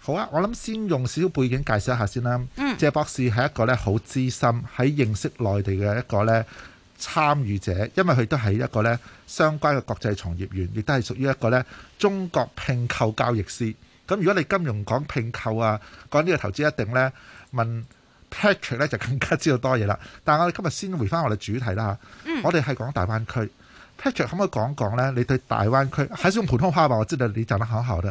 好啊，我諗先用少少背景介紹一下先啦、啊。嗯、謝博士係一個咧好資深喺認識內地嘅一個咧參與者，因為佢都係一個咧相關嘅國際從業員，亦都係屬於一個咧中國併購交易師。咁如果你金融講併購啊，講呢個投資一定咧問 Patrick 咧就更加知道多嘢啦。但係我哋今日先回翻我哋主題啦嚇。嗯、我哋係講大灣區，Patrick 可唔可以講一講咧？你對大灣區，係用普通話話，我知道你講得好好嘅。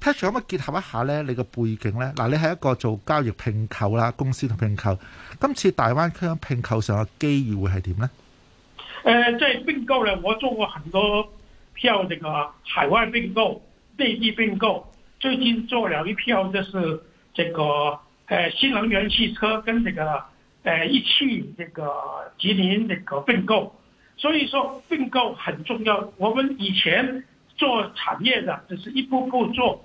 Patrick 可唔可以結合一下呢？你個背景呢？嗱，你係一個做交易併購啦，公司同併購。今次大灣區嘅併購上嘅機遇會係點呢？誒，即係並購咧，我做過很多票，這個海外並購、內地並購。最近做咗一票，就是這個誒新能源汽車跟這個誒一汽這個吉林這個並購。所以說並購很重要。我們以前做產業的，就是一步步做。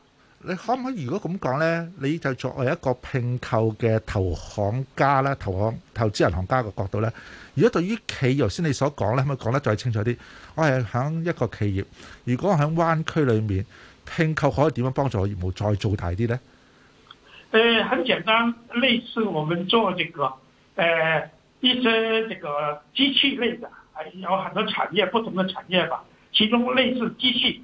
你可唔可以如果咁講呢，你就作為一個拼購嘅投行家啦，投行投資銀行家嘅角度呢。如果對於企業先你所講呢，可唔可以講得再清楚啲？我係喺一個企業，如果我喺灣區裏面拼購可以點樣幫助我業務再做大啲呢？誒、呃，很簡單，類似我們做這個誒、呃，一些這個機器類的，有很多產業，不同的產業吧，其中類似機器。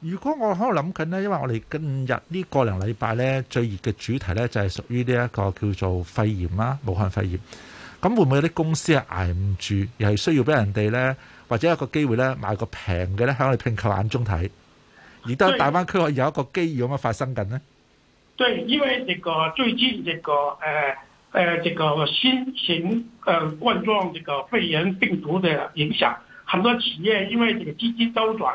如果我喺度諗緊呢，因為我哋近日呢個零禮拜呢最熱嘅主題呢，就係、是、屬於呢一個叫做肺炎啦。武漢肺炎。咁會唔會有啲公司係捱唔住，又係需要俾人哋呢，或者有一個機會呢買個平嘅呢？喺我哋併購眼中睇？而都喺大灣區，我有一個機遇咁樣發生緊呢？對。對，因為呢個最近呢、這個誒誒、呃、這個新型冠狀這個肺炎病毒嘅影響，很多企業因為呢個資金周轉。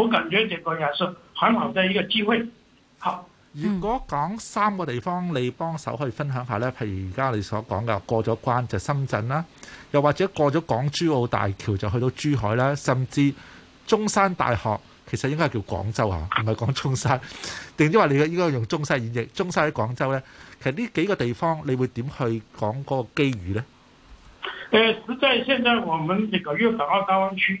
我感覺呢個也是很好的一個機會。好，如果講三個地方，你幫手可以分享下呢，譬如而家你所講嘅過咗關就深圳啦，又或者過咗港珠澳大橋就去到珠海啦，甚至中山大學，其實應該係叫廣州吓，唔係講中山，定唔知話你嘅應該用中山演繹？中山喺廣州呢，其實呢幾個地方你會點去講嗰個機遇呢？誒，實在，現在我們呢個粵港澳大灣區。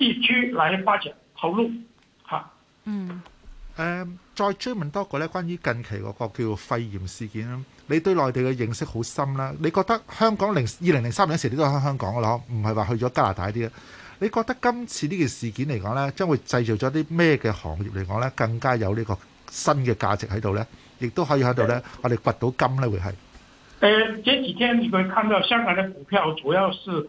地區嚟發展投入吓，啊、嗯，誒，再追問多個咧，關於近期嗰個叫做肺炎事件咧，你對內地嘅認識好深啦，你覺得香港零二零零三年時你都喺香港嘅咯，唔係話去咗加拿大啲咧？你覺得今次呢件事件嚟講咧，將會製造咗啲咩嘅行業嚟講咧，更加有呢個新嘅價值喺度咧，亦都可以喺度咧，我哋掘到金咧、嗯、會係誒，這幾天你可以看到香港嘅股票主要是。嗯嗯嗯嗯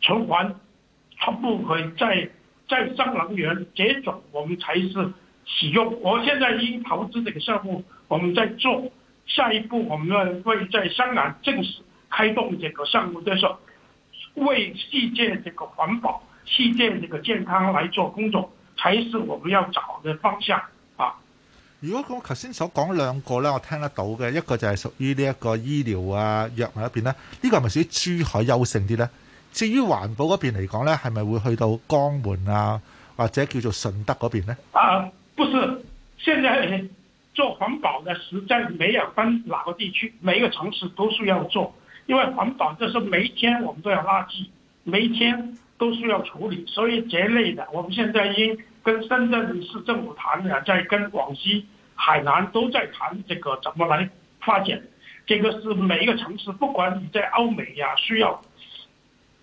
循環全部可以再再生能源，接種我們才是使用。我現在已經投資這個項目，我們在做下一步，我們會在香港正式開動這個項目，就是為世界這個環保、世界這個健康來做工作，才是我們要找的方向啊！如果我頭先所講兩個呢，我聽得到嘅一個就係屬於呢一個醫療啊藥物入邊啦，呢個係咪屬於珠海優勝啲呢？至於環保嗰邊嚟講呢，係咪會去到江門啊，或者叫做順德嗰邊呢？啊，不是，現在做環保呢實在沒有分哪個地區，每一個城市都需要做，因為環保就是每一天我們都要垃圾，每一天都需要處理，所以這類的，我們現在已經跟深圳市政府談了，在跟廣西、海南都在談這個怎麼來發展，這個是每一個城市，不管你在歐美呀、啊，需要。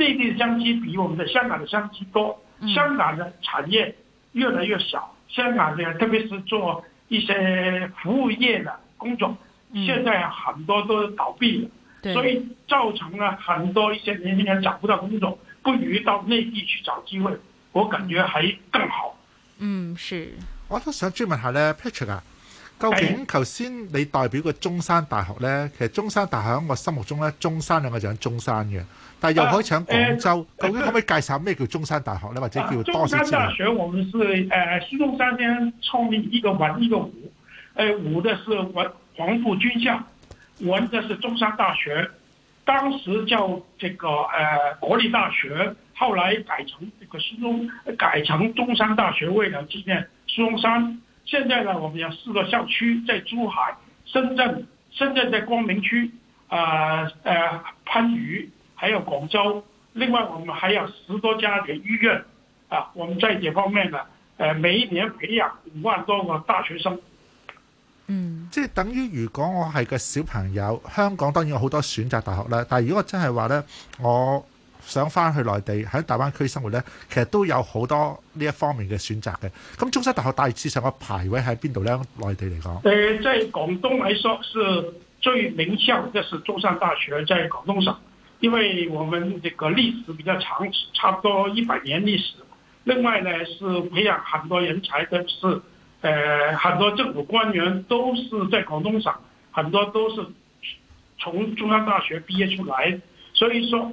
內地的商機比我們，的香港的商機多，嗯、香港的產業越來越少，香港人特別是做一些服務業的工作，嗯、現在很多都倒閉了，對所以造成了很多一些年輕人找不到工作，不如到內地去找機會，我感覺還更好。嗯，是。我都想追問下咧 Patrick 啊。究竟頭先你代表個中山大學呢？其實中山大學我心目中呢，中山兩個就喺中山嘅，但係又可以搶廣州。啊欸、究竟可唔可以介紹咩叫中山大學呢？或者叫多些資料？中山大學我們是誒孫、呃、中山先生創立一個文一個武，誒、呃、武的是黃埔軍校，文的是中山大學。當時叫這個誒、呃、國立大學，後來改成這個孫中山改成中山大學，為了紀念孫中山。現在呢，我們有四個校區在珠海、深圳，深圳在光明區，啊，誒、啊，番禺，還有廣州。另外，我們還有十多家嘅醫院，啊，我們在這方面呢，誒、啊，每一年培養五萬多個大學生。嗯，即係等於如果我係個小朋友，香港當然有好多選擇大學啦，但如果真係話呢，我。想翻去內地喺大灣區生活呢，其實都有好多呢一方面嘅選擇嘅。咁中山大學大致上嘅排位喺邊度呢？內地嚟講？呃，在廣東嚟說是最名校，就是中山大學在廣東省，因為我們這個歷史比較長，差唔多一百年歷史。另外呢，是培養很多人才的，都是誒很多政府官員都是在廣東省，很多都是從中山大學畢業出來，所以說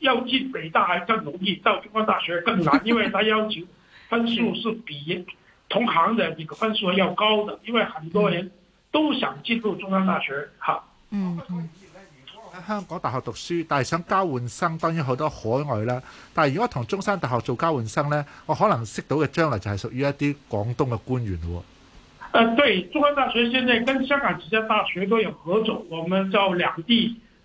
要進北大還更容易，到中山大學更難，因為他要求分數是比同行人的一個分數要高的，因為很多人都想進入中山大學。哈， 嗯。喺香港大學讀書，但係想交換生，當然好多海外啦。但係如果同中山大學做交換生呢？我可能識到嘅將來就係屬於一啲廣東嘅官員咯、呃。對，中山大學現在跟香港幾間大學都有合作，我們叫兩地。